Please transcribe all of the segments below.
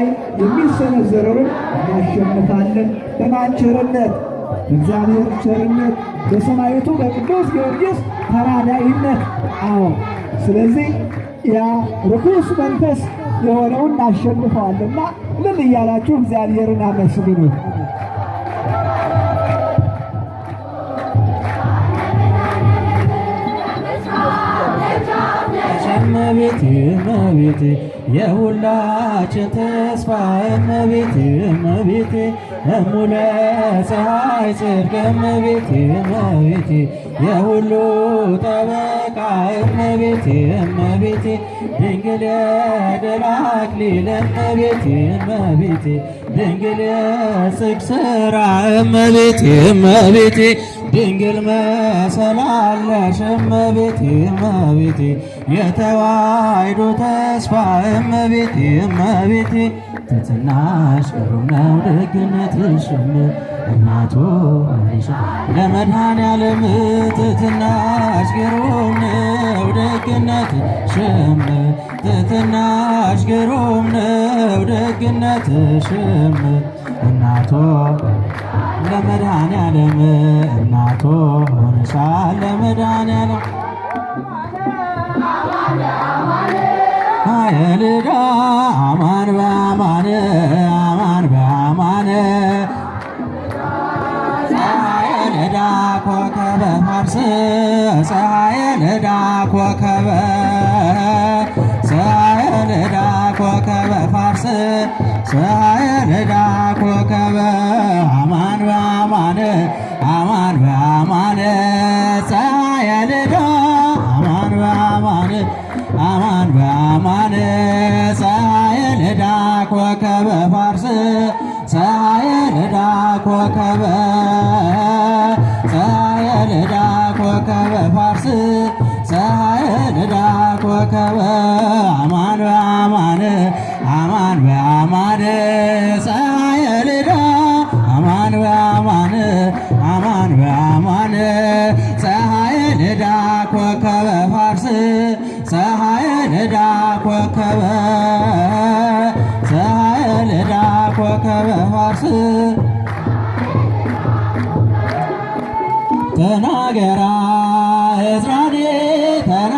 ላይ የሚሰነዘረውን እናሸንፋለን። በማን ቸርነት? እግዚአብሔር ቸርነት፣ በሰማዕቱ በቅዱስ ጊዮርጊስ ተራዳኢነት። አዎ ስለዚህ ያ ርኩስ መንፈስ የሆነውን እናሸንፈዋልና ምን እያላችሁ እግዚአብሔርን የሁላችን ተስፋ እመቤቴ እመቤቴ እሙለ ፀሐይ ጽድቅ እመቤቴ እመቤቴ የሁሉ ጠበቃ እመቤቴ እመቤቴ ድንግል የድል እመቤቴ እመቤቴ ድንግል የጽድቅ ሥራ እመቤቴ እመቤቴ ድንግል መሰላል ነሽ እመቤቴ እመቤቴ የተዋሕዶ ተስፋ እመቤቴ እመቤቴ ትሕትናሽ ግሩም ነው ደግነትሽም እናቱ አይሽ ለመድኃኔዓለም ትሕትናሽ ግሩም ነው ደግነትሽም ትሕትናሽ ግሩም ነው ደግነትሽም እናቱ ለመድኃኔዓለም ፀሐየ ልዳ ኮከበ ተናገራ እዝራኔ ተና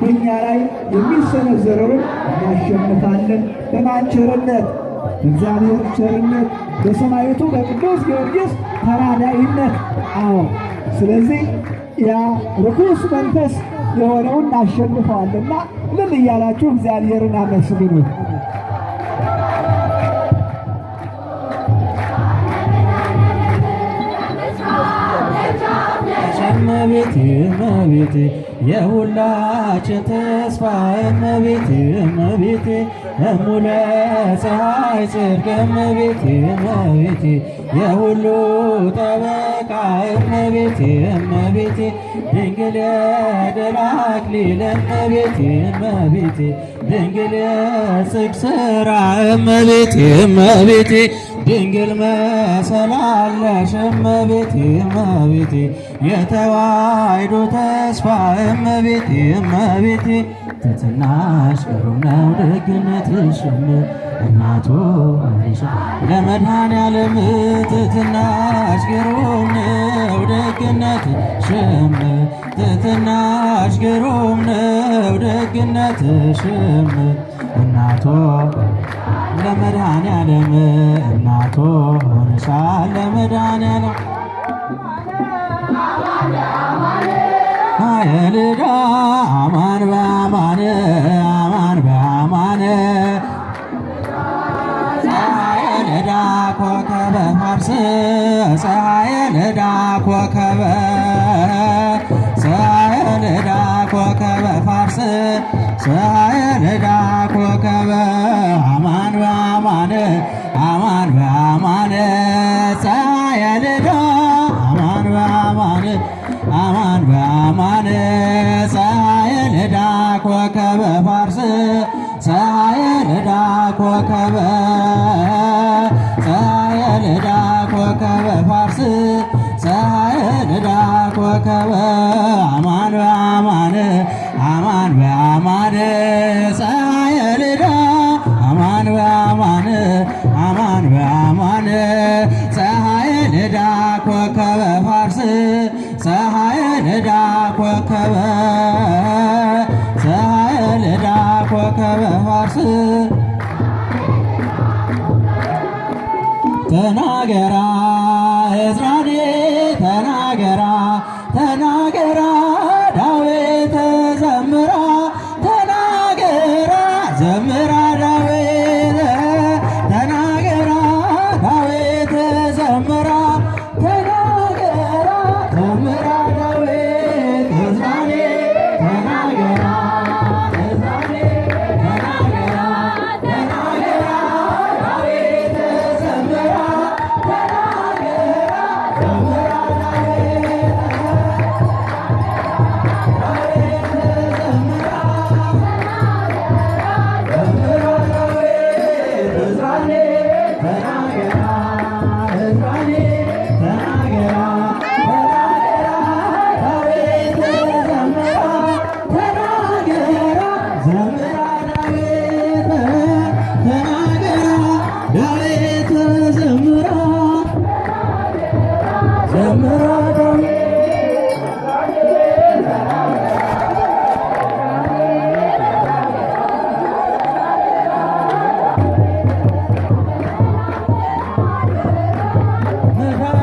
በእኛ ላይ የሚሰነዘረውን እናሸንፋለን። በማን ቸርነት? እግዚአብሔር ቸርነት፣ በሰማዕቱ በቅዱስ ጊዮርጊስ አዎ ስለዚህ ያ ርኩስ መንፈስ የሆነውን እናሸንፈዋልና ምን እያላችሁ እግዚአብሔርን አመስግኑ። እመቤት እመቤቴ የሁላችን ተስፋ እመቤት እመቤቴ እሙለ ፀሐይ ጽድቅ እመቤት እመቤቴ የሁሉ ጠበቃ እመቤት እመቤቴ ድንግል የድል አክሊል እመቤት እመቤቴ ድንግል የጽድቅ ሥራ እመቤት እመቤቴ ድንግል መሰላለሽ እመቤቴ እመቤቴ የተዋሕዶ ተስፋ እመቤቴ እመቤቴ ትሕትናሽ ግሩም ነው ደግነትሽም እናቱ ለመድኃኔዓለም ትሕትናሽ ግሩም ነው ደግነትሽም ትሕትናሽ ግሩም ነው ደግነትሽም እናቱ ለመድኃኔዓለም ቶን ሳለ መድኃኒዓለም ሀየልዳ አማን በአማን አማን በአማን ፀሐየልዳ ኮከበ ፋርስ ፀሐየልዳ ኮከበ ፀሐየልዳ ኮከበ ፋርስ በአማን በአማን ፀሐየ ልዳ ኮከበ ፋርስ ፀሐየ ልዳ ኮከበ ፀሐየ ልዳ ኮከበ ፋርስ ፀሐየ ልዳ ኮከበ ተናገራ እዝራኔ ተናገራ